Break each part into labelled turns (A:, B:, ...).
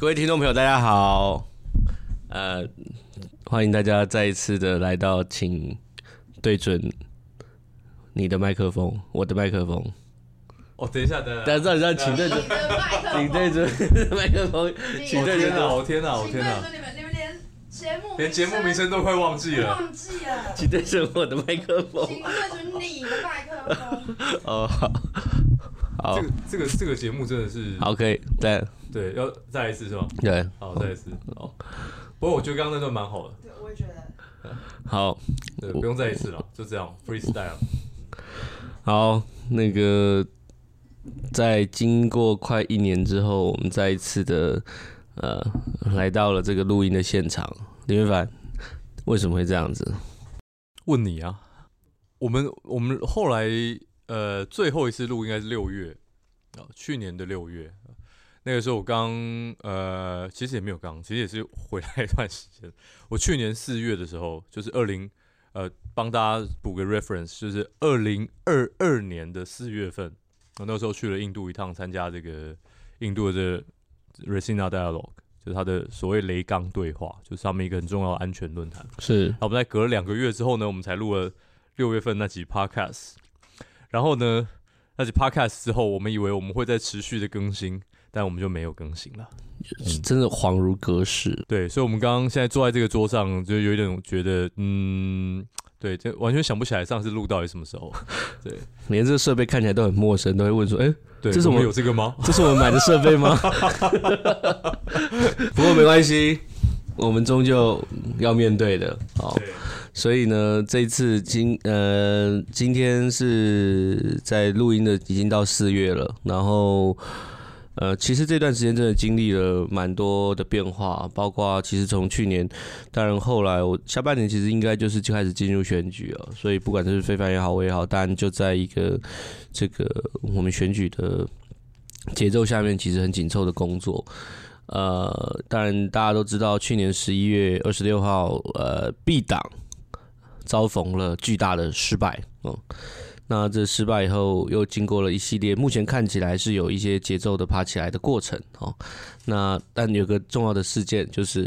A: 各位聽眾朋友，大家好，呃，歡迎大家再一次的來到，請對準你的麥克風，我的麥克風。
B: 哦，等一下，等下，等一下，等一下，請對準，請對準麥克風，請對準，我天啊，我天啊，你們，你們，你們連節目連節目名稱都快忘記了，忘記
A: 了，請對準我的麥克風，請對準你的麥克
B: 風。
A: 哦好，好，這個這個這
B: 個節目真的是，OK，對。好可以對，要再一次是
A: 吧？對，好，再一次
B: 哦。不過我覺得剛剛那段蠻好的。對，我也覺
A: 得。 好，對，不用再一次了，
B: 就這樣 ，freestyle。
A: 好，那個在經過快一年之後，我們再一次的呃，來到了這個錄音的現場。林飛帆，為什麼會這樣子？
B: 問你啊。我們我們後來呃，最後一次錄應該是六月啊，去年的六月。那個時候我剛呃，其實也沒有剛，其實也是回來一段時間。我去年四月的時候，就是二零呃，幫大家補個 reference，就是二零二二年的四月份，我那時候去了印度一趟，參加這個印度的這 Raisina Dialogue，就是他的所謂“雷崗對話”，就是上面一個很重要的安全論壇。是，我們在隔了兩個月之後呢，我們才錄了六月份那集 podcast。然後呢，那集 podcast 之後，我們以為我們會再持續的更新。但我們就沒有更新了，
A: 嗯，真的恍如隔世。
B: 對，所以，我們剛剛現在坐在這個桌上，就有一點覺得，嗯，對，這完全想不起來上次錄到底什麼時候。對
A: 連這個設備看起來都很陌生，都會問說：“哎、欸，對，這是我們，我們有這個嗎？這是我們買的設備嗎？” 不過沒關係，我們終究要面對的。好，所以呢，這一次今呃今天是在錄音的，已經到四月了，然後。呃，其實這段時間真的經歷了蠻多的變化，包括其實從去年，當然後來我下半年其實應該就是就開始進入選舉了，所以不管是飛帆也好，我也好，當然就在一個這個我們選舉的節奏下面，其實很緊湊的工作。呃，當然大家都知道，去年十一月二十六號，呃，本黨遭逢了巨大的失敗，嗯、呃。那這失敗以後，又經過了一系列，目前看起來是有一些節奏的爬起來的過程，哦，那但有個重要的事件，就是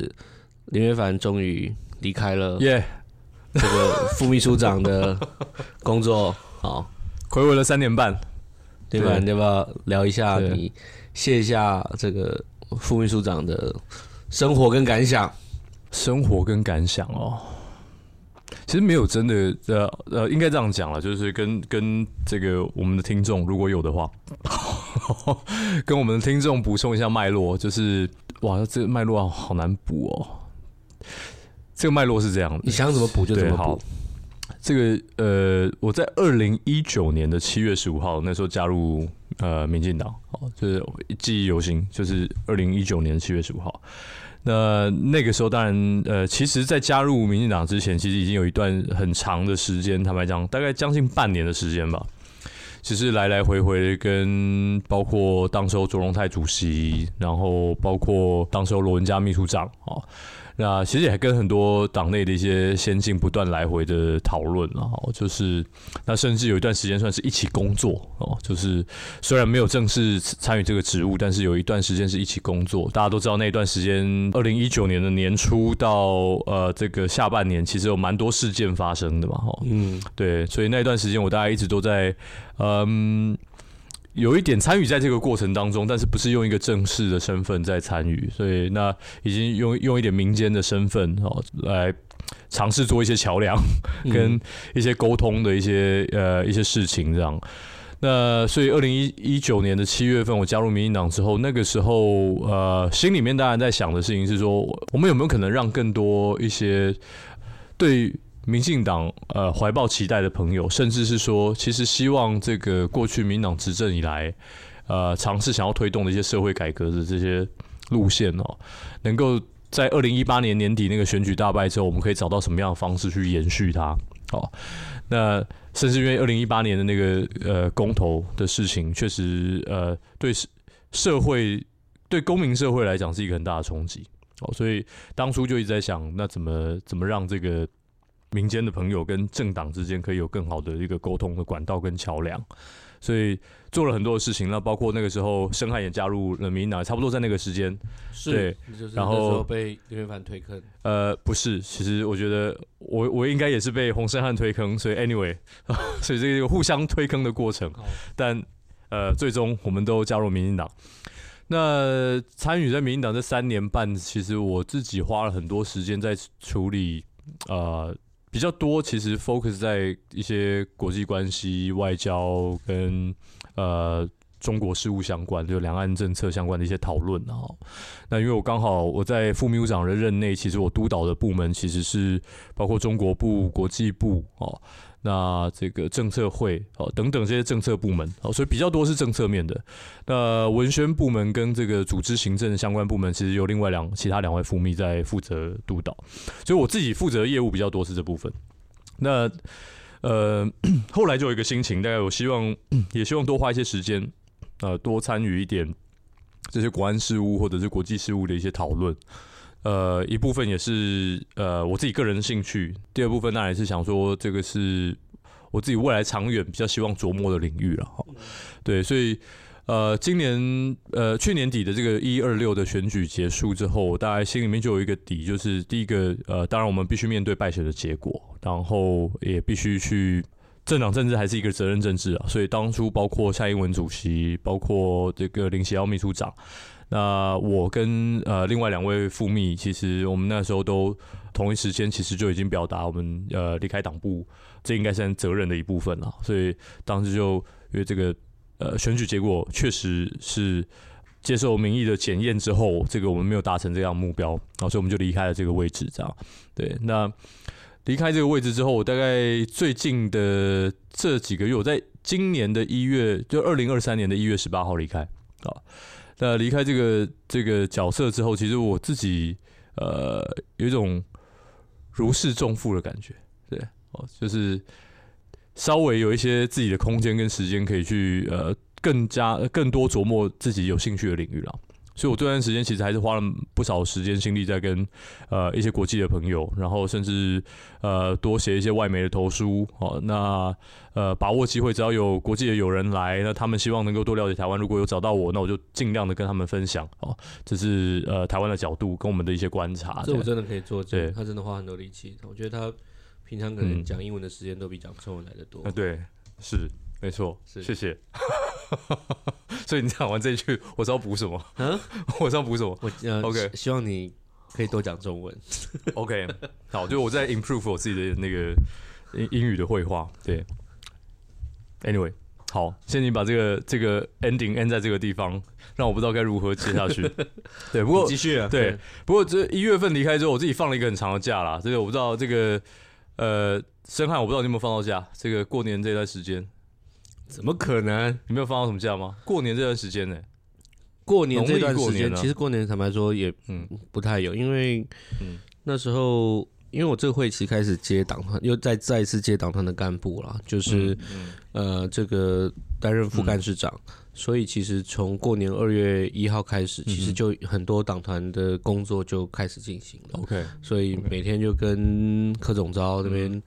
A: 林飛帆終於離開了耶這個副秘書長的工作，好，yeah. 哦，睽違了三年半，對吧對？你要不要聊一下你卸下這個副秘書長的生活跟感想？生活跟感想哦。
B: 其實沒有真的，呃、呃、，應該這樣講了，就是跟跟這個我們的聽眾，如果有的話，呵呵跟我們的聽眾補充一下脈絡，就是哇，這個脈絡好難補哦。這個脈絡是這樣的，你想怎麼補就怎麼補。這個呃，我在二零一九年的七月十五號那時候加入呃民進黨，哦，就是記憶猶新，就是二零一九年七月十五號。那那個時候，當然，呃，其實，在加入民進黨之前，其實已經有一段很長的時間，坦白講，大概將近半年的時間吧。其實來來回回的跟包括當時候卓榮泰主席，然後包括當時候羅文佳秘書長啊。哦那其實也跟很多黨內的一些先進不斷來回的討論了，然後就是那甚至有一段時間算是一起工作哦，就是雖然沒有正式參與這個職務，但是有一段時間是一起工作。大家都知道那段時間，二零一九年的年初到呃這個下半年，其實有蠻多事件發生的嘛，哈，嗯，對，所以那段時間我大概一直都在嗯、呃。有一點參與在這個過程當中，但是不是用一個正式的身份在參與，所以那已經用用一點民間的身份哦來嘗試做一些橋樑跟一些溝通的一些、嗯、呃一些事情這樣。那所以二零一九年的七月份我加入民進黨之後，那個時候呃心裡面當然在想的事情是說，我們有沒有可能讓更多一些對。民進黨呃懷抱期待的朋友，甚至是說，其實希望這個過去民黨執政以來，呃，嘗試想要推動的一些社會改革的這些路線哦，能夠在二零一八年年底那個選舉大敗之後，我們可以找到什麼樣的方式去延續它？哦，那甚至因為二零一八年的那個呃公投的事情，確實呃對社會對公民社會來講是一個很大的衝擊哦，所以當初就一直在想，那怎麼怎麼讓這個。民間的朋友跟政黨之間可以有更好的一個溝通的管道跟橋梁，所以做了很多的事情。那包括那個時候，申翰也加入了民進黨，差不多在那個時間。是，對，是然後被林飛帆推坑。呃，不是，其實我覺得我我應該也是被洪申翰推坑。所以 anyway， 所以這個互相推坑的過程。Oh. 但呃，最終我們都加入民進黨。那參與在民進黨這三年半，其實我自己花了很多時間在處理呃。比較多其實 focus 在一些國際關係、外交跟呃中國事務相關，就兩岸政策相關的一些討論啊。那因為我剛好，我在副秘書長的任內，其實我督導的部門其實是包括中國部、嗯、國際部哦。那這個政策會哦等等這些政策部門哦，所以比較多是政策面的。那文宣部門跟這個組織行政相關部門，其實有另外兩其他兩位副祕在負責督導，所以我自己負責的業務比較多是這部分。那呃，後來就有一個心情，大概我希望也希望多花一些時間，呃，多參與一點這些國安事務或者是國際事務的一些討論。呃，一部分也是呃我自己個人的興趣，第二部分那也是想說這個是我自己未來長遠比較希望琢磨的領域了哈。對，所以呃今年呃去年底的這個一二六的選舉結束之後，大家心裡面就有一個底，就是第一個呃當然我們必須面對敗選的結果，然後也必須去政黨政治還是一個責任政治啊，所以當初包括蔡英文主席，包括這個林錫耀秘書長。那我跟呃另外兩位副祕，其實我們那時候都同一時間，其實就已經表達我們呃離開黨部，這應該是很責任的一部分了。所以當時就因為這個呃選舉結果確實是接受民意的檢驗之後，這個我們沒有達成這樣的目標，然後，啊，所以我們就離開了這個位置，這樣對。那離開這個位置之後，我大概最近的這幾個月，我在今年的一月，就二零二三年的一月十八號離開啊。那離開這個這個角色之後，其實我自己呃有一種如釋重負的感覺，對，哦，就是稍微有一些自己的空間跟時間，可以去呃更加更多琢磨自己有興趣的領域了。所以，我這段時間其實還是花了不少時間心力在跟呃一些國際的朋友，然後甚至呃多寫一些外媒的投書哦。那呃把握機會，只要有國際的友人來，那他們希望能夠多了解台灣。如果有找到我，那我就盡量的跟他們分享哦，這是呃台灣的角度跟我們的一些觀察。這我真的可以作證，
A: 他真的花很多力氣。我覺得他平常可能講英文的時間都比講中文來得多。啊、嗯呃，對，
B: 是沒錯，是謝謝。 所以你講完這一句，我是要補什麼？嗯、啊，
A: 我是要補什麼？我嗯 OK 希望你可以多講中文。 OK，好，就我在
B: improve 我自己的那個英英語的會話。對，Anyway，好，先你把這個這個 ending end 在這個地方，讓我不知道該如何接下去。 對，不過繼續啊對對。對，不過這一月份離開之後，我自己放了一個很長的假啦，所以我不知道這個呃，申翰，我不知道你有沒有放到假。這個過年這一段時間。怎麼可能？你沒有放什麼假嗎？過年這段時間呢、欸？過年這段時間，其實
A: 過年坦白說也嗯不太有、嗯，因為那時候因為我這個會期開始接黨團，又再再一次接黨團的幹部了，就是、嗯嗯、呃這個擔任副幹事長、嗯，所以其實從過年二月一號開始，其實就很多黨團的工作就開始進行了。OK，、嗯、所以每天就跟柯總召那邊。嗯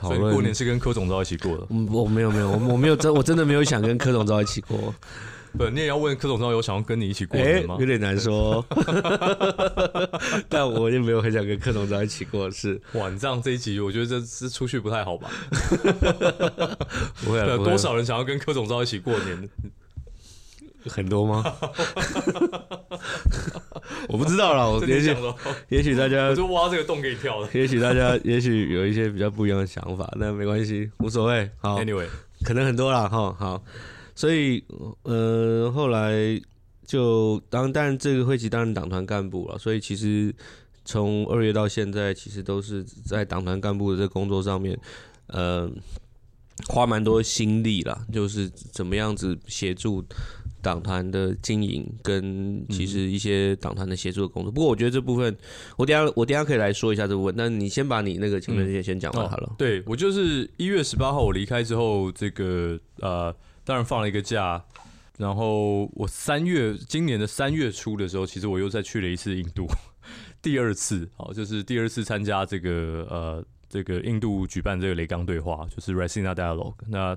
A: 所以過年是
B: 跟柯總召一起過的。
A: 嗯，我沒有沒有，我我沒有真我真的沒有想跟柯總召一起過。
B: 不， 你也要問柯總召有想要跟你一起過年的嗎、欸？有點難說、哦。 但我也沒有很想跟柯總召一起過。是晚上這，這一集，我覺得這是出去不太好吧？有 多少人想要跟柯總召一起過
A: 年？很多嗎？ 我不知道啦，我也許也許大家， 我就挖這個洞給你跳了。也許大家， 也許有一些比較不一樣的想法，那 沒關係，無所謂。好，Anyway，可能很多啦哈。好，所以呃，後來就當，但這個會籍當然黨團幹部啦，所以其實從二月到現在，其實都是在黨團幹部的這個工作上面，呃，花蠻多心力啦，就是怎麼樣子協助。黨團的經營跟其實一些黨團的協助的工作、嗯，不過我覺得這部分，我等下我等下可以來說一下這部分。那你先把你那個前面的先講完好了。嗯
B: 哦。對，我就是一月十八號我離開之後，這個呃，當然放了一個假，然後我三月今年的三月初的時候，其實我又再去了一次印度，第二次，好，就是第二次參加這個呃這個印度舉辦這個雷崗對話，就是 Raisina Dialogue 那。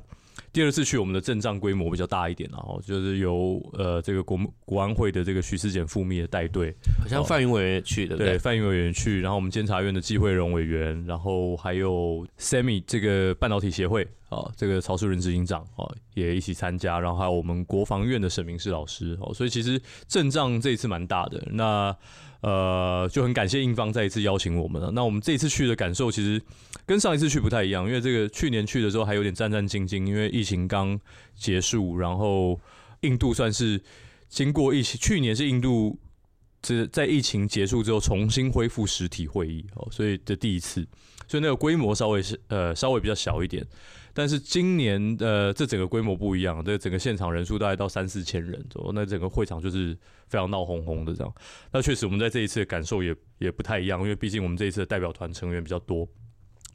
B: 第二次去我們的陣仗規模比較大一點，然後就是由呃這個國國安會的這個徐斯儉副秘的帶隊，好像范雲委員去的、哦，對范雲委員去，然後我們監察院的紀惠容委員，然後還有 SEMI 這個半導體協會啊、哦、這個曹樹人執行長啊、哦、也一起參加，然後還有我們國防院的沈明室老師哦，所以其實陣仗這一次蠻大的那。呃，就很感謝印方再一次邀請我們了。那我們這一次去的感受，其實跟上一次去不太一樣，因為這個去年去的時候還有點戰戰兢兢，因為疫情剛結束，然後印度算是經過疫情，去年是印度這在疫情結束之後重新恢復實體會議哦，所以這第一次，所以那個規模稍微是呃稍微比較小一點。但是今年呃，這整個規模不一樣，這整個現場人數大概到三四千人左右，那整個會場就是非常鬧哄哄的這樣。那確實，我們在這一次的感受也也不太一樣，因為畢竟我們這一次的代表團成員比較多，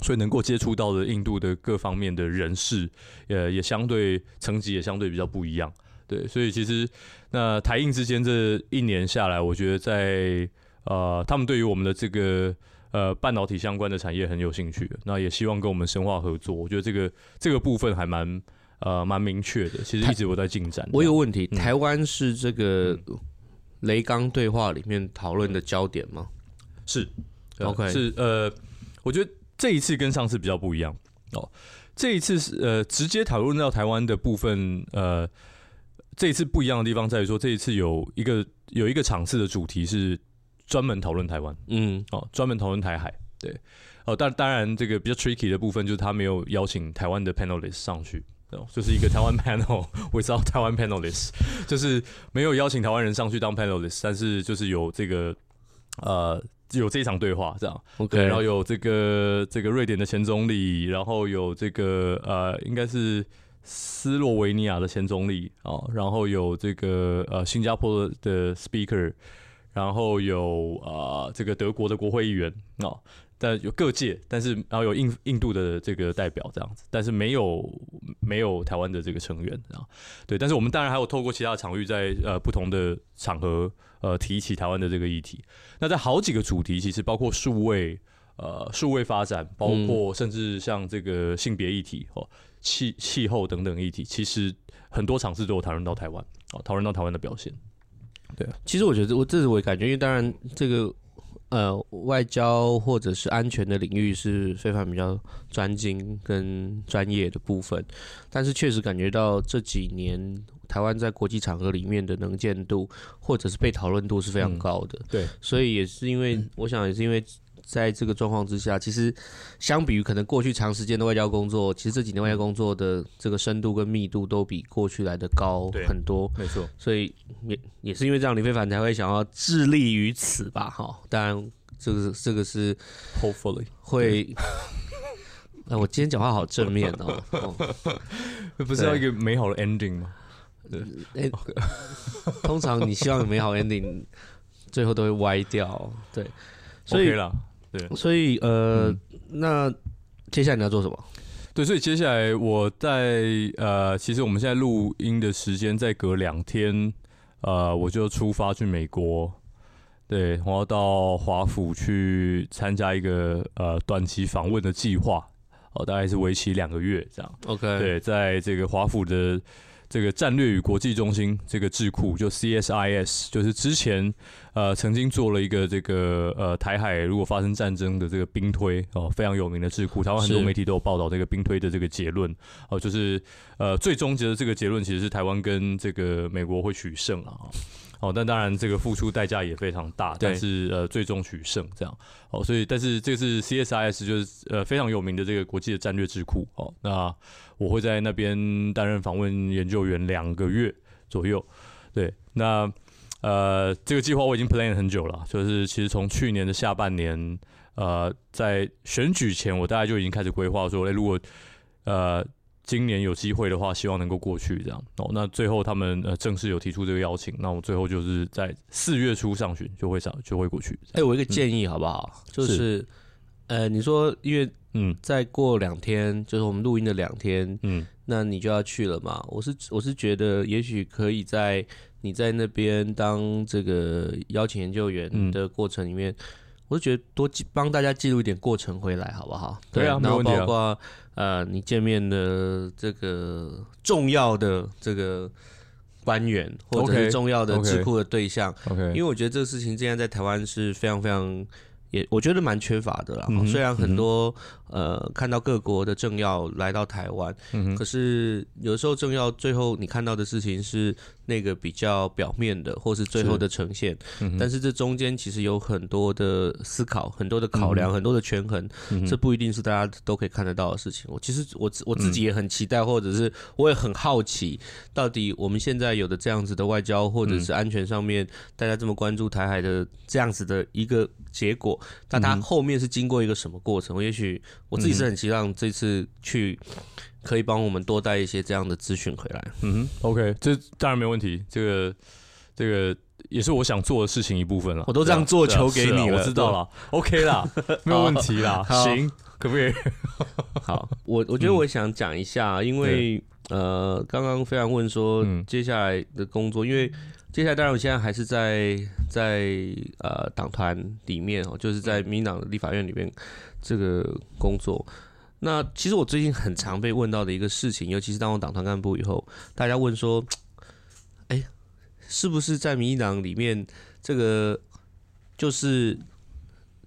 B: 所以能夠接觸到的印度的各方面的人士也，也也相對層級也相對比較不一樣。對，所以其實那台印之間這一年下來，我覺得在呃，他們對於我們的這個。呃，半導體相關的產業很有興趣，那也希望跟我們深化合作。我覺得這個這個部分還蠻呃蠻明確的，其實一直有
A: 在進展。我有問題，嗯、台灣是這個雷崗對話裡面討論的焦點嗎？嗯、是、呃、OK，是
B: 呃，我覺得這一次跟上次比較不一樣哦。這一次是呃直接討論到台灣的部分，呃，這一次不一樣的地方在於說，這一次有一個有一個場次的主題是專門討論台灣，嗯，哦，專門討論台海，對，哦，但當然，這個比較 tricky 的部分就是他沒有邀請台灣的 panelists 上去，哦、oh.，就是一個台灣 panel without 台灣 panelists， 就是沒有邀請台灣人上去當 panelists，但是就是有這個呃，有這一場對話這樣，OK，然後有這個這個瑞典的前總理，然後有這個呃，應該是斯洛維尼亞的前總理啊、哦，然後有這個呃，新加坡的,的 speaker。然後有啊、呃，這個德國的國會議員啊、哦，但有各界，但是然後有印印度的這個代表這樣子，但是沒有沒有台灣的這個成員啊、哦，對，但是我們當然還有透過其他的場域在，在呃不同的場合呃提起台灣的這個議題。那在好幾個主題，其實包括數位呃數位發展，包括甚至像這個性別議題哦，氣氣候等等議題，其實很多場
A: 次都有討論到台灣哦，討論到台灣的表現。對，其實我覺得我這是我感覺，因為當然這個呃外交或者是安全的領域是非常比較專精跟專業的部分，但是確實感覺到這幾年台灣在國際場合裡面的能見度或者是被討論度是非常高的，嗯、對，所以也是因為、嗯、我想也是因為。在這個狀況之下，其實相比於可能過去長時間的外交工作，其實這幾年外交工作的這個深度跟密度都比過去來的高很多。啊、沒錯，所以也也是因為這樣，林飛帆才會想要致力於此吧？哈、哦，當然這個是這個是 hopefully 會。我今天講話好正面哦，哦， 不是要一個美好的 ending 嗎？欸、通常你希望有美好的 ending 最後都會歪掉，對，所以、okay 對，所以呃，嗯，那接下來你要做什麼？對，所以
B: 接下來我在呃，其實我們現在錄音的時間再隔兩天，呃，我就出發去美國，對，我要到華府去參加一個呃短期訪問的計劃，哦，大概是為期兩個月這樣。OK，嗯，對，在這個華府的。這個戰略與國際中心，這個智庫就 CSIS，就是之前呃曾經做了一個這個呃台海如果發生戰爭的這個兵推哦、呃，非常有名的智庫，台灣很多媒體都有報道這個兵推的這個結論哦、呃，就是呃最終結的這個結論其實是台灣跟這個美國會取勝啊。哦，但當然，這個付出代價也非常大，但是呃，最終取勝這樣。哦，所以，但是這個是 CSIS，就是呃，非常有名的這個國際的戰略智庫。哦，那我會在那邊擔任訪問研究員兩個月左右。對，那呃，這個計劃我已經 plan 了很久了，就是其實從去年的下半年，呃，在選舉前，我大概就已經開始規劃說，誒，如果呃。今年有機會的話，希望能夠過去這樣哦、喔。那最後他們呃正式有提出這個邀請，那我最後就是在四月初上旬就會上就會過
A: 去。哎、欸，我一個建議好不好？嗯、就是，是呃，你說因為嗯，再過兩天就是我們錄音的兩天，嗯，那你就要去了嘛。我是我是覺得也許可以在你在那邊當這個邀請研究員的過程裡面，嗯我就覺得多記幫大家記錄一點過程回來好不好？對啊，對，然後包括、啊、呃，你見面的這個重要的這個官員或者是重要的智庫的對象，okay, okay, okay. 因為我覺得這個事情現在在台灣是非常非常。也我覺得蠻缺乏的啦。嗯、雖然很多、嗯、呃，看到各國的政要來到台灣、嗯，可是有時候政要最後你看到的事情是那個比較表面的，或是最後的呈現。是嗯、但是這中間其實有很多的思考、很多的考量、嗯、很多的權衡、嗯，這不一定是大家都可以看得到的事情。嗯、我其實我我自己也很期待、嗯，或者是我也很好奇，到底我們現在有的這樣子的外交或者是安全上面、嗯，大家這麼關注台海的這樣子的一個。結果，但他後面是經過一個什麼過程？我也許我自己是很希望這次去可以幫我們多帶一些這樣的資訊回來。
B: 嗯，嗯，OK，這當然沒問題。這個這個也是我想做的事情一部分了。我都這樣做求給你，啊啊，我知道了。了 OK 啦， 沒有問題啦。行，
A: 可不可以？好，我我覺得我想講一下，嗯、因為、嗯、呃，剛剛飛帆問說接下來的工作，因為。接下來，當然我現在還是在在呃黨團裡面哦，就是在民進黨的立法院裡面這個工作。那其實我最近很常被問到的一個事情，尤其是當我黨團幹部以後，大家問說：哎，是不是在民進黨裡面這個就是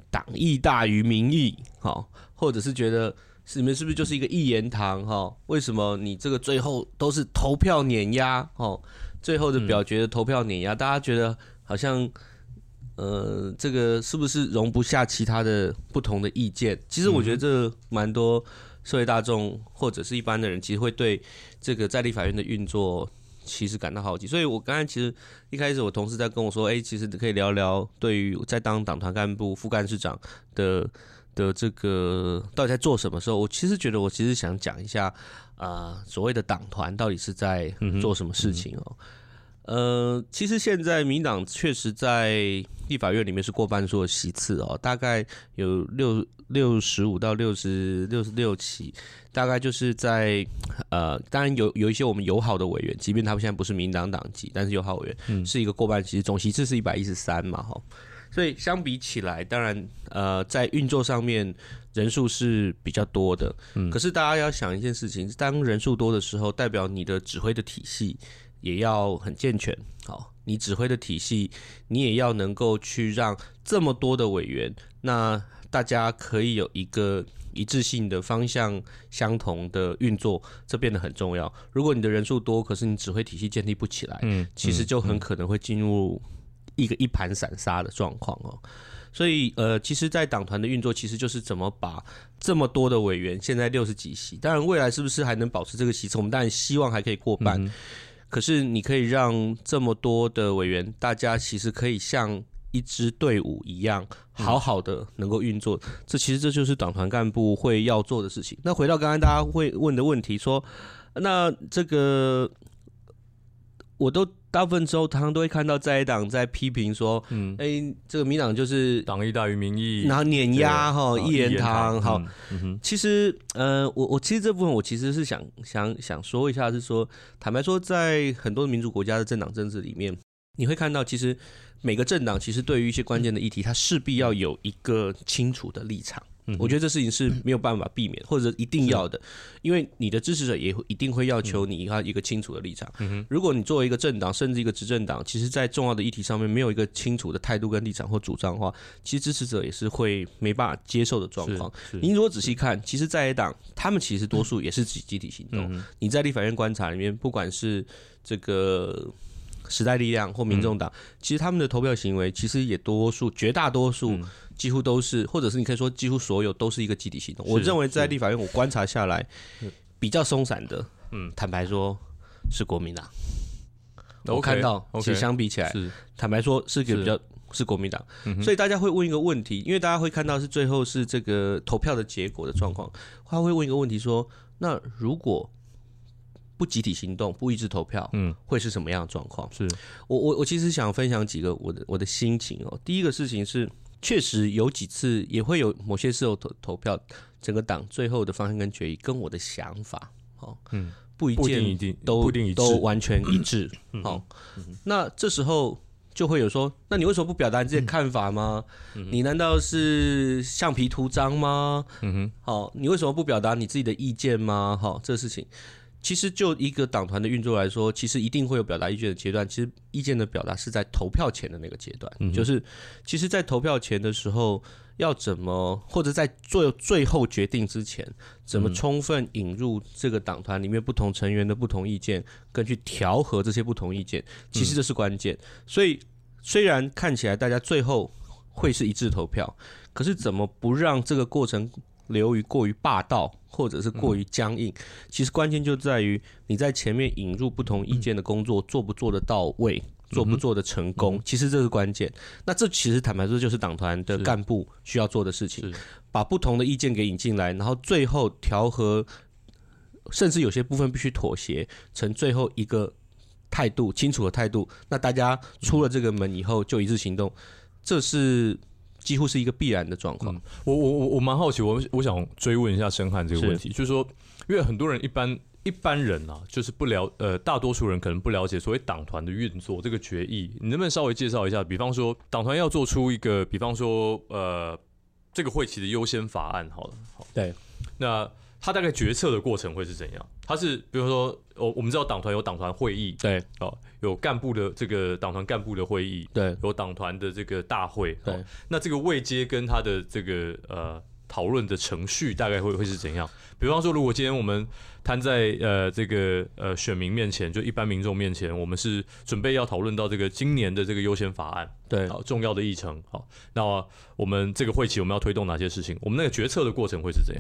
A: 黨意大於民意？好，或者是覺得是你們是不是就是一個一言堂？哈，為什麼你這個最後都是投票碾壓？哦？最後的表決的投票碾壓，嗯，大家覺得好像，呃，這個是不是容不下其他的不同的意見？其實我覺得這蠻多社會大眾或者是一般的人，其實會對這個在立法院的運作其實感到好奇。所以我剛才其實一開始，我同事在跟我說，哎，欸，其實可以聊聊對於在當黨團幹部副幹事長的。的這個到底在做什麼時候，我其實覺得，我其實想講一下，啊、呃，所謂的黨團到底是在做什麼事情哦。嗯嗯、呃，其實現在民黨確實在立法院裡面是過半數的席次哦，大概有六六十五到六十六十六席，大概就是在呃，當然有有一些我們友好的委員，即便他們現在不是民黨黨籍，但是友好委員是一個過半席，嗯、其總席次是一百一十三嘛，哈。所以相比起來，當然，呃，在運作上面人數是比較多的。嗯，可是大家要想一件事情，當人數多的時候，代表你的指揮的體系也要很健全。好，你指揮的體系，你也要能夠去讓這麼多的委員，那大家可以有一個一致性的方向，相同的運作，這變得很重要。如果你的人數多，可是你指揮體系建立不起來，嗯，嗯，嗯，其實就很可能會進入一個一盤散沙的狀況哦，所以呃，其實，在黨團的運作，其實就是怎麼把這麼多的委員，現在六十幾席，當然未來是不是還能保持這個席次，我們當然希望還可以過半，嗯，可是你可以讓這麼多的委員，大家其實可以像一支隊伍一樣，好好的能夠運作，這其實這就是黨團幹部會要做的事情。那回到剛剛大家會問的問題，說那這個我都。大部分時候，常常都會看到在野黨在批評說：“哎、嗯欸，這個民黨就是黨意大於民意，然後碾壓哈、哦、一言堂。言堂嗯”好，嗯嗯、哼其實嗯、呃，我我其實這部分我其實是想想想說一下，是說坦白說，在很多民族國家的政黨政治裡面，你會看到其實每個政黨其實對於一些關鍵的議題，嗯、它勢必要有一個清楚的立場。我覺得這事情是沒有辦法避免或者一定要的，因為你的支持者也會一定會要求你一個一個清楚的立場。如果你作為一個政黨，甚至一個執政黨，其實在重要的議題上面沒有一個清楚的態度跟立場或主張的話，其實支持者也是會沒辦法接受的狀況。你如果仔細看，其實在野黨他們其實多數也是集集體行動。你在立法院觀察裡面，不管是這個時代力量或民眾黨，其實他們的投票行為其實也多數絕大多數。幾乎都是，或者是你可以說，幾乎所有都是一個集體行動。我認為在立法院，我觀察下來，比較鬆散的，嗯，坦白說，是國民黨
B: ，okay, okay, 我看到，其實相比起來，是是
A: 坦白說，是個比較是，是國民黨、嗯。所以大家會問一個問題，因為大家會看到是最後是這個投票的結果的狀況，他會問一個問題說：那如果不集體行動，不一致投票，嗯，會是什麼樣的狀況？是我我我其實想分享幾個我的我的心情哦、喔。第一個事情是。確實有幾次也會有某些時候投投票，整個黨最後的方向跟決議跟我的想法，好，嗯，不一定都不一定都完全一致，嗯、好、嗯，那這時候就會有說，那你為什麼不表達你自己的看法嗎、嗯嗯？你難道是橡皮圖章嗎？嗯嗯、好，你為什麼不表達你自己的意見嗎？好，這個事情。其實就一個黨團的運作來說，其實一定會有表達意見的階段。其實意見的表達是在投票前的那個階段，就是其實，在投票前的時候，要怎麼或者在做最後決定之前，怎麼充分引入這個黨團裡面不同成員的不同意見，跟去調和這些不同意見，其實這是關鍵。所以雖然看起來大家最後會是一致投票，可是怎麼不讓這個過程流於過於霸道？或者是過於僵硬，其實關鍵就在於你在前面引入不同意見的工作做不做得到位，做不做得成功，其實這是關鍵。那這其實坦白說，就是黨團的幹部需要做的事情，把不同的意見給引進來，然後最後調和，甚至有些部分必須妥協，成最後一個態度，清楚的態度。那大家出了這個門以後就一致行動，這是。幾乎是一個必然的狀況。嗯。我我我我蠻好奇，我我想追問一下申翰這個問題，就
B: 是說，因為很多人一般一般人啊，就是不了呃，大多數人可能不了解所謂黨團的運作這個決議。你能不能稍微介紹一下？比方說，黨團要做出一個，比方說呃，這個會期的優先法案，好了，好對，那。他大概決策的過程會是怎樣？他是比如說，我我們知道黨團有黨團會議，對，哦，有幹部的這個黨團幹部的會議，對，有黨團的這個大會，對。那這個位階跟他的這個呃討論的程序大概會會是怎樣？比方說，如果今天我們攤在呃這個呃選民面前，就一般民眾面前，我們是準備要討論到這個今年的這個優先法案，對，重要的議程，好。那麼我們這個會期我們要推動哪些事情？我們那個決策的過程會是怎樣？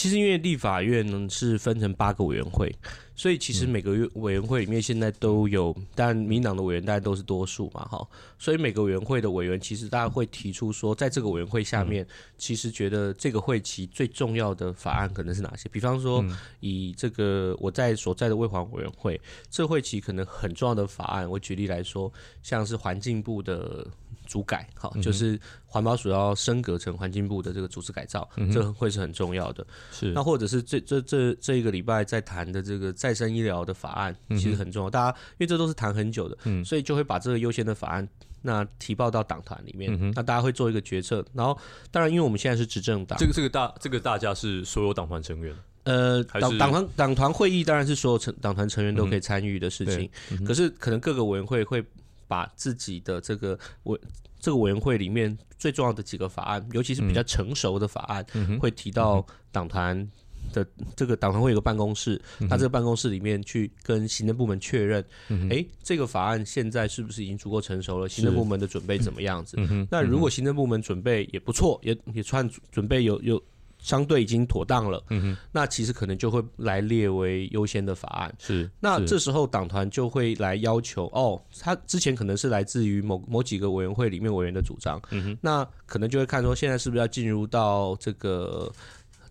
B: 其實，因
A: 為立法院呢是分成八個委員會，所以其實每個月委員會裡面現在都有，但民進黨的委員大家都是多數嘛，哈，所以每個委員會的委員其實大家會提出說，在這個委員會下面，其實覺得這個會期最重要的法案可能是哪些？比方說，以這個我在所在的衛環委員會，這會期可能很重要的法案，我舉例來說，像是環境部的。主改好，就是環保署要升格成環境部的這個組織改造，嗯，這會是很重要的。是那或者是這這這這一個禮拜在談的這個再生醫療的法案，嗯，其實很重要。大家因為這都是談很久的，嗯，所以就會把這個優先的法案那提報到黨團裡面，嗯，那大家會做一個決策。然後當然，因為我們現在是執政黨，這個
B: 這個大這個大家是所有黨團
A: 成員，呃，黨黨團黨團會議當然是所有成黨團成員都可以參與的事情。嗯嗯，可是可能各個委員會會。把自己的這個委這個委員會裡面最重要的幾個法案，尤其是比較成熟的法案，嗯、會提到黨團的、嗯、這個黨團會有個辦公室，他、嗯、這個辦公室裡面去跟行政部門確認，哎、嗯欸，這個法案現在是不是已經足夠成熟了？行政部門的準備怎麼樣子？嗯嗯、那如果行政部門準備也不錯、嗯，也也算準備有有。相對已經妥當了。嗯哼，那其實可能就會來列為優先的法案。是，那這時候黨團就會來要求，哦，他之前可能是來自於某某幾個委員會裡面委員的主張。嗯哼，那可能就會看說現在是不是要進入到這個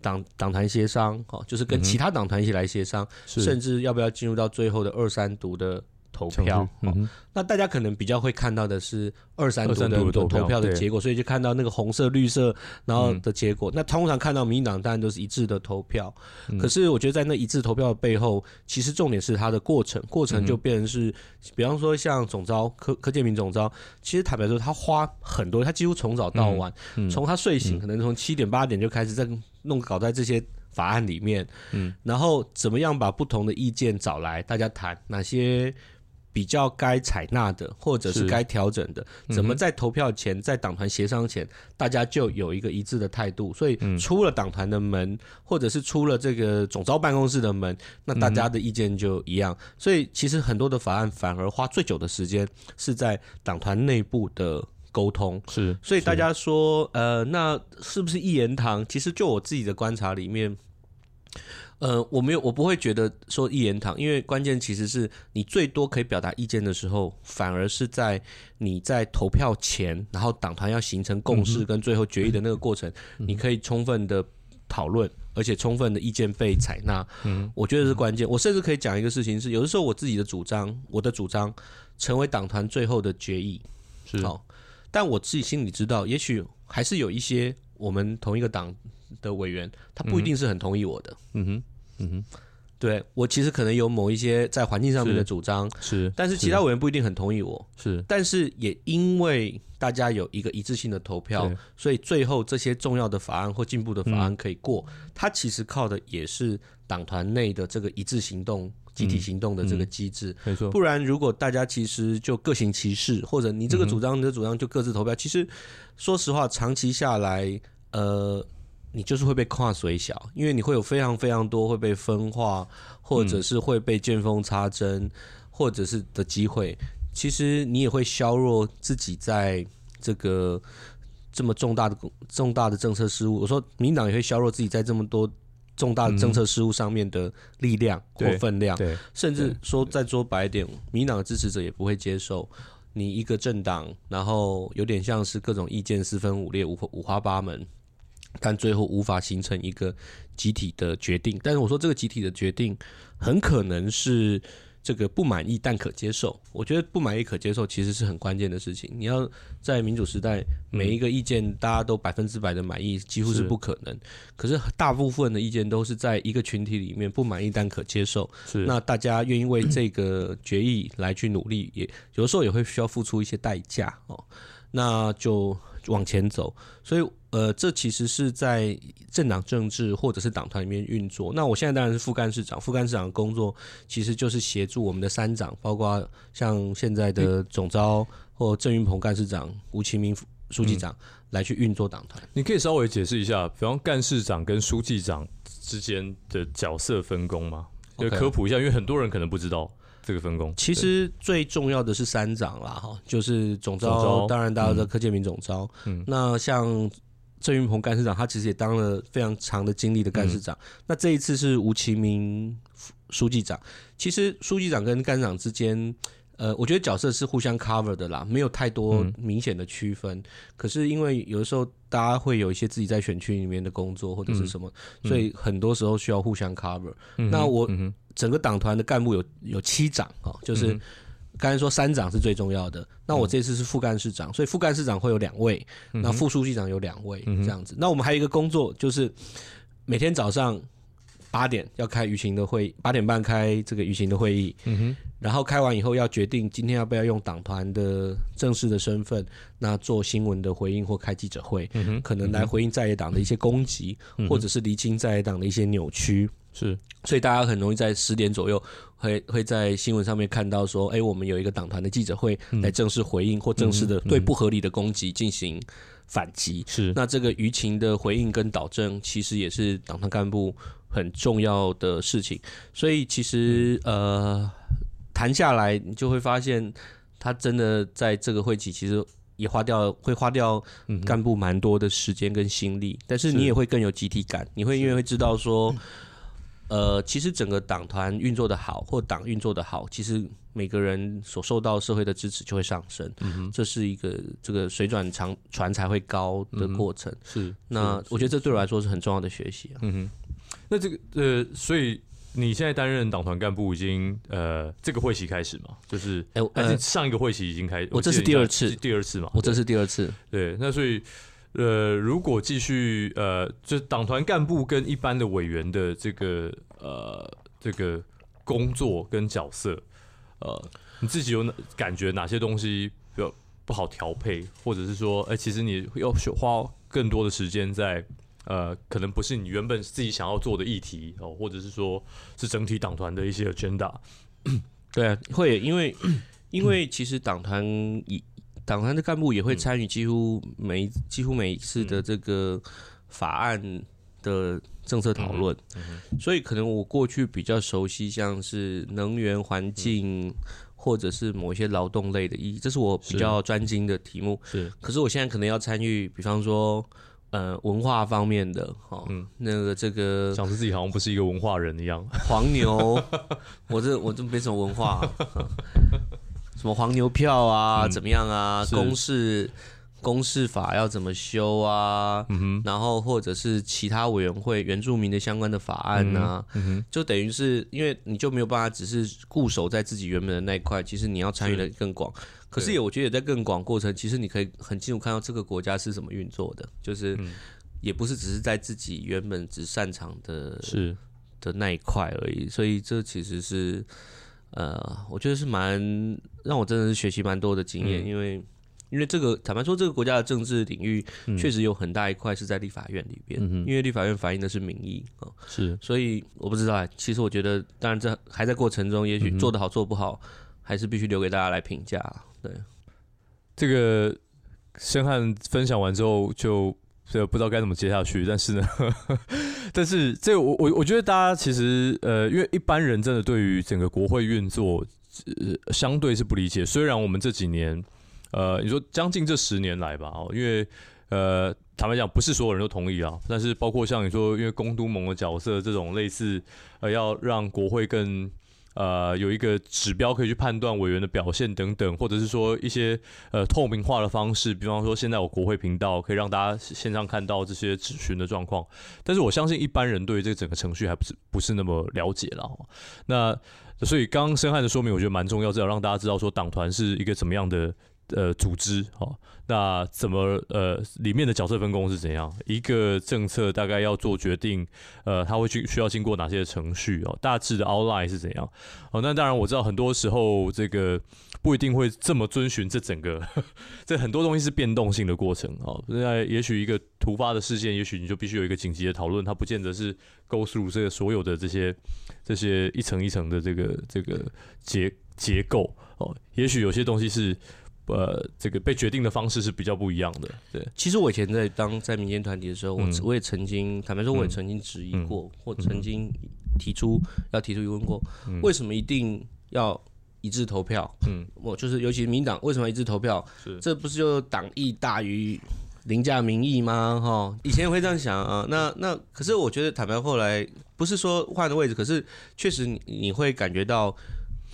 A: 黨黨，黨團協商，哦，就是跟其他黨團一起來協商，嗯，甚至要不要進入到最後的二三讀的。投票、嗯哦，那大家可能比較會看到的是二三度的，三度的投，票投票的結果，所以就看到那個紅色、綠色，然後的結果、嗯。那通常看到民進黨當然都是一致的投票、嗯，可是我覺得在那一致投票的背後，其實重點是它的過程，過程就變成是，嗯、比方說像總召，柯柯建銘總召，其實坦白說他花很多，他幾乎從早到晚，從、嗯嗯、他睡醒、嗯、可能從七點八點就開始在弄搞在這些法案裡面、嗯，然後怎麼樣把不同的意見找來大家談，哪些。比較該採納的，或者是該調整的，怎麼在投票前、在黨團協商前，大家就有一個一致的態度。所以，出了黨團的門，或者是出了這個總召辦公室的門，那大家的意見就一樣。所以，其實很多的法案反而花最久的時間是在黨團內部的溝通。是，所以大家說，呃，那是不是一言堂？其實，就我自己的觀察裡面。呃，我沒有，我不會覺得說一言堂，因為關鍵其實是你最多可以表達意見的時候，反而是在你在投票前，然後黨團要形成共識跟最後決議的那個過程，嗯、你可以充分的討論、嗯，而且充分的意見被採納，嗯，我覺得是關鍵。我甚至可以講一個事情是，有的時候我自己的主張，我的主張成為黨團最後的決議是，哦，但我自己心裡知道，也許還是有一些我們同一個黨。的委員，他不一定是很同意我的。嗯哼，嗯哼，對我其實可能有某一些在環境上面的主張，是，但是其他委員不一定很同意我。是，但是也因為大家有一個一致性的投票，所以最後這些重要的法案或進步的法案可以過。嗯、他其實靠的也是黨團內的這個一致行動、集體行動的這個機制。嗯嗯、沒錯，不然如果大家其實就各行其事，或者你這個主張、嗯、你的主張就各自投票，其實說實話，長期下來，呃。你就是會被跨水小，因為你會有非常非常多會被分化，或者是會被見縫插針、嗯，或者是的機會。其實你也會削弱自己在這個這麼重大的重大的政策失誤。我說民進黨也會削弱自己在這麼多重大的政策失誤上面的力量或分量、嗯。甚至說再說白一點，民進黨的支持者也不會接受你一個政黨，然後有點像是各種意見四分五裂，五五花八門。但最後無法形成一個集體的決定，但是我說這個集體的決定很可能是這個不滿意但可接受。我覺得不滿意可接受其實是很關鍵的事情。你要在民主時代，每一個意見大家都百分之百的滿意幾乎是不可能，可是大部分的意見都是在一個群體裡面不滿意但可接受。是，那大家願意為這個決議來去努力，也有的時候也會需要付出一些代價哦。那就。往前走，所以呃，這其實是在政黨政治或者是黨團裡面運作。那我現在當然是副幹事長，副幹事長的工作其實就是協助我們的三長，包括像現在的總召或鄭運鵬幹事長、吳琪銘書記長、嗯、來去運作黨團。
B: 你可以稍微解釋一下，比方幹事長跟書記長之間的角色分工嗎？就、okay. 科普一下，因為很多人可能不知道。這個分工
A: 其實最重要的是三長啦，哈，就是總召當然大家都知道柯建銘總召，嗯，那像鄭運鵬幹事長，他其實也當了非常長的經歷的幹事長、嗯。那這一次是吳琪銘書記長，其實書記長跟幹事長之間，呃，我覺得角色是互相 cover 的啦，沒有太多明顯的區分、嗯。可是因為有的時候大家會有一些自己在選區裡面的工作或者是什麼、嗯嗯，所以很多時候需要互相 cover、嗯。那我。嗯整個黨團的幹部有有七長就是剛才說三長是最重要的。那我這次是副幹事長，所以副幹事長會有兩位，那副書記長有兩位、嗯、這樣子。那我們還有一個工作，就是每天早上八點要開輿情的會議，八點半開這個輿情的會議、嗯。然後開完以後要決定今天要不要用黨團的正式的身份，那做新聞的回應或開記者會，嗯、可能來回應在野黨的一些攻擊、嗯，或者是釐清在野黨的一些扭曲。是，所以大家很容易在十點左右會會在新聞上面看到說，哎、欸，我們有一個黨團的記者會來正式回應或正式的對不合理的攻擊進行反擊。是，那這個輿情的回應跟導正，其實也是黨團幹部很重要的事情。所以其實、嗯、呃，談下來你就會發現，他真的在這個會期其實也花掉會花掉幹部蠻多的時間跟心力，但是你也會更有集體感，你會因為會知道說。呃，其實整個黨團運作得好，或黨運作得好，其實每個人所受到社會的支持就會上升，嗯、哼，這是一個這個水轉長船才會高的過程、嗯。是，那我覺得這對我來說是很重要的學習、啊。嗯哼。
B: 那這個呃，所以你現在擔任黨團幹部已經呃，這個會期開始嗎？就是，哎、欸呃，上一個會期已經開始、呃，我這是第二次，第二次嘛？我這是第二次，對。那所以。呃，如果繼續呃，就是黨團幹部跟一般的委員的這個呃，這個工作跟角色，呃，你自己有哪感覺哪些東西不不好調配，或者是說，哎、欸，其實你要去花更多的時間在呃，可能不是你原本自己想要做的議題
A: 哦、呃，或者是說，是整體黨團的一些 agenda，對、啊，會因為因為其實黨團以。嗯黨團的幹部也會參與幾乎每、嗯、幾乎每一次的這個法案的政策討論、嗯嗯嗯，所以可能我過去比較熟悉像是能源、環境或者是某一些勞動類的議題、嗯，這是我比較專精的題目。是，可是我現在可能要參與，比方說，呃，文化方面的，哈、哦嗯，那個這個，想說自己好像不是一個文化人一樣，黃牛， 我這我這沒什麼文化。 啊什麼黃牛票啊？嗯、怎麼樣啊？公示、公示法要怎麼修啊、嗯？然後或者是其他委員會原住民的相關的法案呢、啊嗯嗯？就等於是，因為你就沒有辦法只是固守在自己原本的那一塊，其實你要參與的更廣。可是也我覺得也在更廣的過程，其實你可以很清楚看到這個國家是怎麼運作的，就是也不是只是在自己原本只擅長的是的那一塊而已。所以這其實是。呃，我覺得是蠻讓我真的是學習蠻多的經驗，嗯、因為因為這個坦白說，這個國家的政治領域確實有很大一塊是在立法院裡邊，嗯、因為立法院反映的是民意啊，是、哦，所以我不知道，其實我覺得，當然這還在過程中，也許做得好做不好、嗯，還是必須留給大家來評價。對，這個申翰分享完
B: 之後就。所以不知道該怎麼接下去，但是呢，呵呵但是這個、我我我覺得大家其實呃，因為一般人真的對於整個國會運作、呃，相對是不理解。雖然我們這幾年，呃，你說將近這十年來吧，哦、因為呃，坦白講，不是所有人都同意啊、哦。但是包括像你說，因為公督盟的角色，這種類似呃，要讓國會更。呃，有一個指標可以去判斷委員的表現等等，或者是說一些呃透明化的方式，比方說現在有國會頻道可以讓大家線上看到這些質詢的狀況。但是我相信一般人對於這個整個程序還不是不是那麼了解了。那所以剛剛申翰的說明，我覺得蠻重要，至少讓大家知道說黨團是一個怎麼樣的。呃，組織好、哦。那怎麼呃，裡面的角色分工是怎樣？一個政策大概要做決定，呃，它會去需要經過哪些程序哦？大致的 outline 是怎樣？哦，那當然我知道很多時候這個不一定會這麼遵循這整個，呵呵這很多東西是變動性的過程哦，那也許一個突發的事件，也許你就必須有一個緊急的討論，它不見得是 go through 這個所有的這些這些一層一層的這個這個結結構哦。也許有些東西是。呃，這個被決定的方式是比較不一樣的。對，其實
A: 我以前在當在民間團體的時候，我也、嗯、我也曾經坦白說，我也曾經質疑過、嗯嗯，或曾經提出要提出疑問過、嗯，為什麼一定要一致投票？嗯，我就是，尤其是民黨，為什麼一致投票？是這不是就黨意大於凌駕民意嗎？哈，以前也會這樣想啊。那那可是我覺得坦白，後來不是說換個位置，可是確實你會感覺到，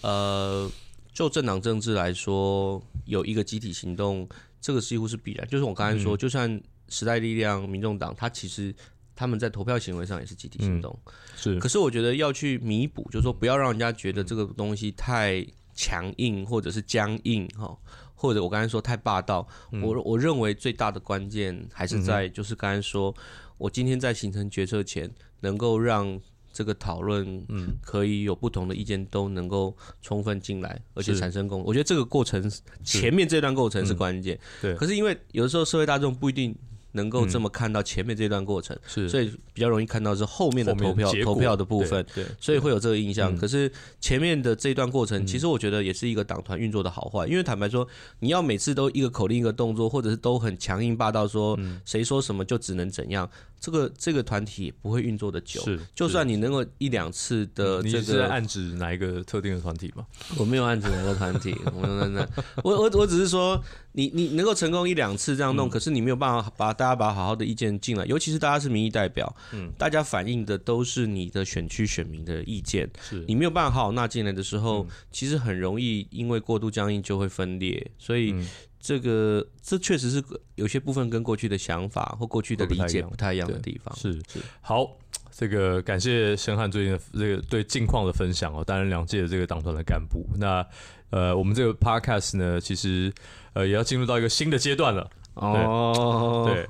A: 呃。就政黨政治來說，有一個集體行動，這個幾乎是必然。就是我剛才說、嗯，就算時代力量、民眾黨，他其實他們在投票行為上也是集體行動。嗯、是，可是我覺得要去彌補，就是說不要讓人家覺得這個東西太強硬或者是僵硬哈，或者我剛才說太霸道。嗯、我我認為最大的關鍵還是在，就是剛才說，我今天在形成決策前，能夠讓。這個討論，嗯，可以有不同的意見都能夠充分進來，而且產生共。我覺得這個過程前面這段過程是關鍵。對。可是因為有的時候社會大眾不一定能夠這麼看到前面這段過程，是，所以比較容易看到是後面的投票投票的部分，對，所以會有這個印象。可是前面的這段過程，其實我覺得也是一個黨團運作的好壞。因為坦白說，你要每次都一個口令一個動作，或者是都很強硬霸道，說誰說什麼就只能怎樣。這個這個團體不會運作的久，就算你能夠一兩次的，這個嗯，你是暗指哪一個特定的團體嗎？我沒有暗指哪個團體， 我我我只是說，你你能夠成功一兩次這樣弄，嗯，可是你沒有辦法把大家把好好的意見進來，尤其是大家是民意代表，嗯，大家反映的都是你的選區選民的意見，是你沒有辦法好好納進來的時候，嗯，其實很容易因為過度僵硬就會分裂，所以。嗯這個這確實是有些部分跟過去的想法或過去的理解不太，不太一樣的地方。是是，好，這個感謝
B: 申翰最近的這個對近況的分享哦。擔任兩屆的這個黨團的幹部，那呃，我們這個 podcast 呢，其實呃也要進入到一個新的階段了。哦，
A: 對，
B: 對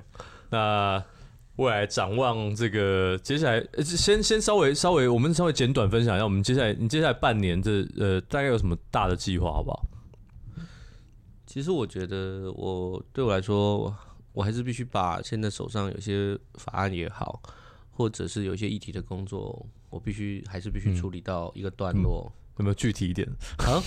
B: 那未來展望這個接下來，呃、先先稍微稍微我們稍微簡短分享一下，我們接下來你接下來半年這呃大概有什麼大的計劃，好不好？
A: 其實我覺得我，我對我來說，我還是必須把現在手上有些法案也好，或者是有一些議題的工作，我必須還是必須處理到一個段落、嗯嗯。有沒有具體一點？好、啊，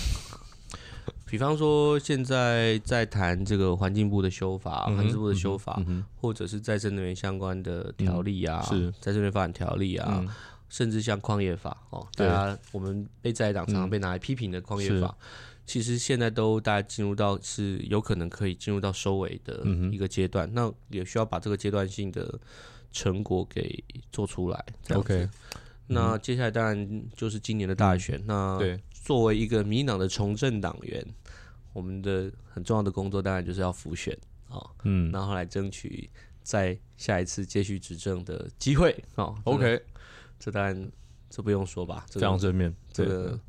A: 比方說現在在談這個環境部的修法，環、嗯、境部的修法，嗯嗯、或者是再生能源相關的條例啊，再、嗯、生能源發展條例啊、嗯，甚至像礦業法、嗯、哦，大家我們被在野黨常常被拿來批評的礦業法。嗯其實現在都大家進入到是有可能可以進入到收尾的一個階段、嗯，那也需要把這個階段性的成果給做出來這樣子。OK，、嗯、那接下來當然就是今年的大選。嗯、那作為一個民進黨的從政黨員，我們的很重要的工作當然就是要輔選嗯、哦，然後來爭取在下一次接續執政的機會、哦這個、OK，這當然這不用說吧，這樣、個、正面對這個。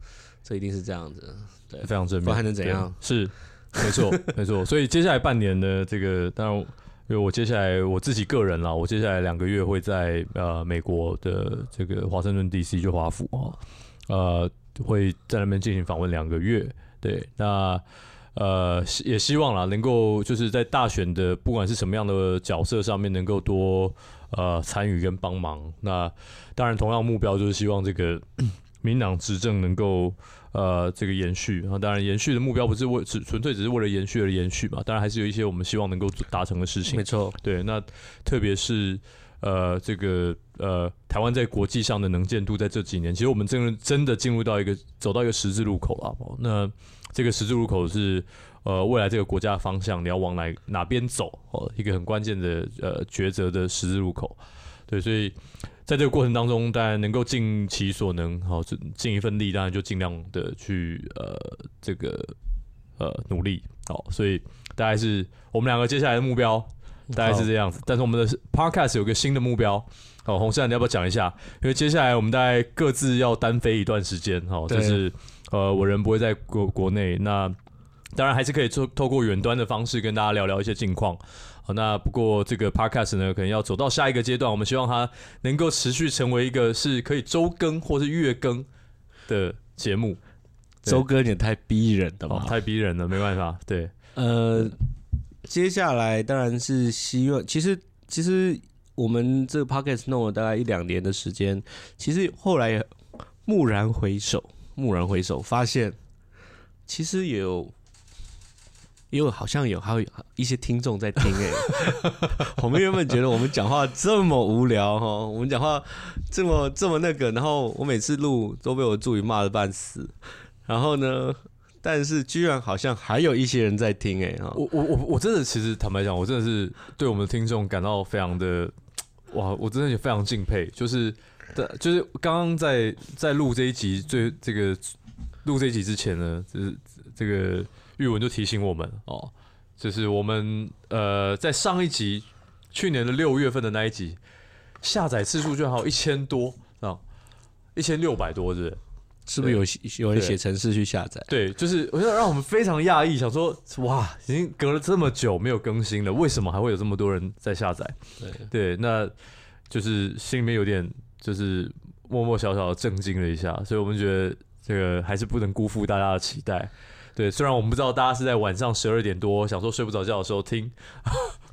A: 這一定是這樣子，對，非常正面，不然能怎樣？是，沒錯，
B: 沒錯。所以接下來半年呢，這個當然，因為我接下來我自己個人啦，我接下來兩個月會在呃美國的這個華盛頓 D.C. 就華府啊，呃，會在那邊進行訪問兩個月。對，那呃，也希望啦，能夠就是在大選的不管是什麼樣的角色上面，能夠多呃參與跟幫忙。那當然，同樣的目標就是希望這個民黨執政能夠。呃，這個延續啊，當然延續的目標不是為只純粹只是為了延續而延續嘛。當然還是有一些我們希望能夠達成的事情。沒錯，對，那特別是呃，這個呃，台灣在國際上的能見度，在這幾年，其實我們真的真的進入到一個走到一個十字路口了。那這個十字路口是呃，未來這個國家的方向你要往哪哪邊走？哦、呃，一個很關鍵的呃抉擇的十字路口。對，所以。在這個過程當中，大家能夠盡其所能，好盡盡一份力，當然就盡量的去呃這個呃努力好。所以大概是我們兩個接下來的目標，大概是這樣子。嗯、但是我們的 Podcast 有個新的目標，好，洪申翰你要不要講一下？因為接下來我們大概各自要單飛一段時間，哈，就是呃，我人不會在國國內，那當然還是可以透透過遠端的方式跟大家聊聊一些近況。那不過這個 podcast 呢，可能要走到下一個階段，我們希望它能夠持續成為一個是可以周更或是月更的節目。周
A: 更也太逼人的嘛，哦，太逼人了，沒辦法。對，呃，接下來當然是希望，其實其實我們這個 podcast 弄了大概一兩年的時間，其實後來也驀然回首，驀然回首，發現其實也有。因為好像有還有一些聽眾在聽誒、欸， 我們原本覺得我們講話這麼無聊哈，我們講話這麼這麼那個，然後我每次錄都被我助理罵得半死，然後呢，但是居然好像還有一些人在聽誒、欸，我我我我真的其實坦白講，我真的是對我們的
B: 聽眾感到非常的哇，我真的也非常敬佩，就是的就是剛剛在在錄這一集最這個錄這一集之前呢，就是這個。昱文就提醒我們哦，就是我們呃，在上一集去年的六月份的那一集，下載次數居然還有一千多啊，一千六百多是不是，是
A: 是不是有有人寫程式去下
B: 載？對，就是我覺得讓我們非常訝異，想說哇，已經隔了這麼久沒有更新了，為什麼還會有這麼多人在下載？對，對，那就是心裡面有點就是默默小小的震驚了一下，所以我們覺得這個還是不能辜負大家的期待。對，雖然我們不知道大家是在晚上十二點多想說睡不着覺的時候聽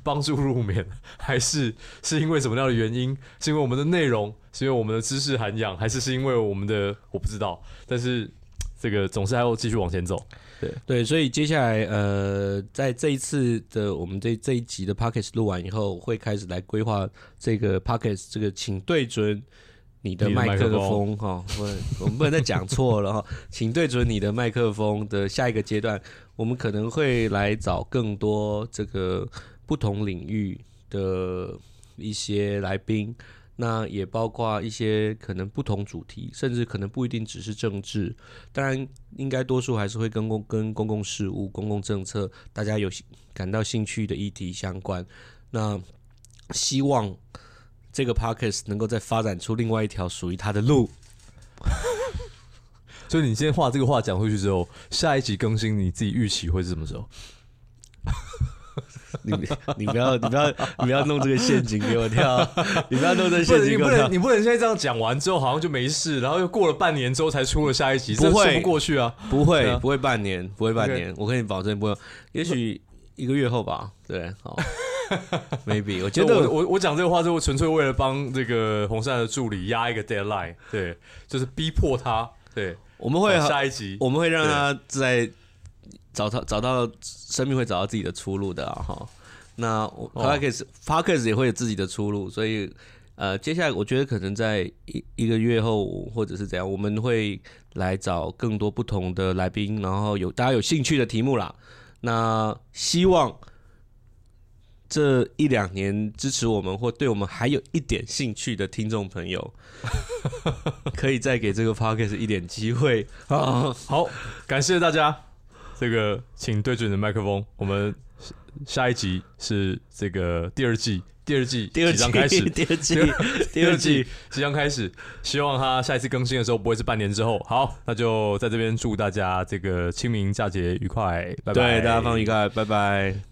B: 幫助入眠，還是是因為什麼樣的原因？是因為我們的內容，是因為我們的知識涵養，還是是因為我們的我不知道。但是這個總是還要繼續往前走。
A: 對對，所以接下來呃，在這一次的我們這這一集的 Podcast 錄完以後，會開始來規劃這個 Podcast。這個請對準。你的麥克風，哈，我、哦、我們不能再講錯了哈， 請對準你的麥克風的下一個階段，我們可能會來找更多這個不同領域的一些來賓，那也包括一些可能不同主題，甚至可能不一定只是政治，當然應該多數還是會跟公跟公共事務、公共政策大家有感到興趣的議題相關，那希望這個 Podcast 能夠再發展出另外一條屬於他的路， 所以你今天畫這個話講回去之後，下一集更新你
B: 自己預期會是什麼時候？
A: 你，你不要你不要你不要弄這個陷阱給我跳， 你，你不要弄這個陷阱不，你不能、你
B: 不能現在這樣講完之後好像就沒事，然後又過了半年之後才出了下一集，會這說、個、不過去啊！不會、啊、
A: 不會半年，不會半年，okay, 我跟你保證你不會。也許一個月後吧， 對，好。Maybe，
B: 我覺得我我講這個話，就是純粹為了幫這個洪申翰的助理壓一個 deadline，對，就是逼迫他，對，我們會下一集我們會讓他
A: 在找到找到生命會找到自己的出路的哈、啊。那我 Parker、oh. Parker 也會有自己的出路，所以呃，接下來我覺得可能在一一個月後或者是怎樣，我們會來找更多不同的來賓，然後有大家有興趣的題目啦。那希望。這一兩年支持我們或對我們還有一點興趣的聽眾朋友， 可以再給這個 podcast 一點機會 啊！好，感謝大家。這
B: 個，請對準的麥克風。我們下一集是這個第二季，第二季，第二季即將開始，第二季，第二季即將開始。希望他下一次更新的時候不會是半年之後。好，那就在這邊祝大家這個清明佳節愉快，拜拜，大家放愉快，拜拜。拜拜。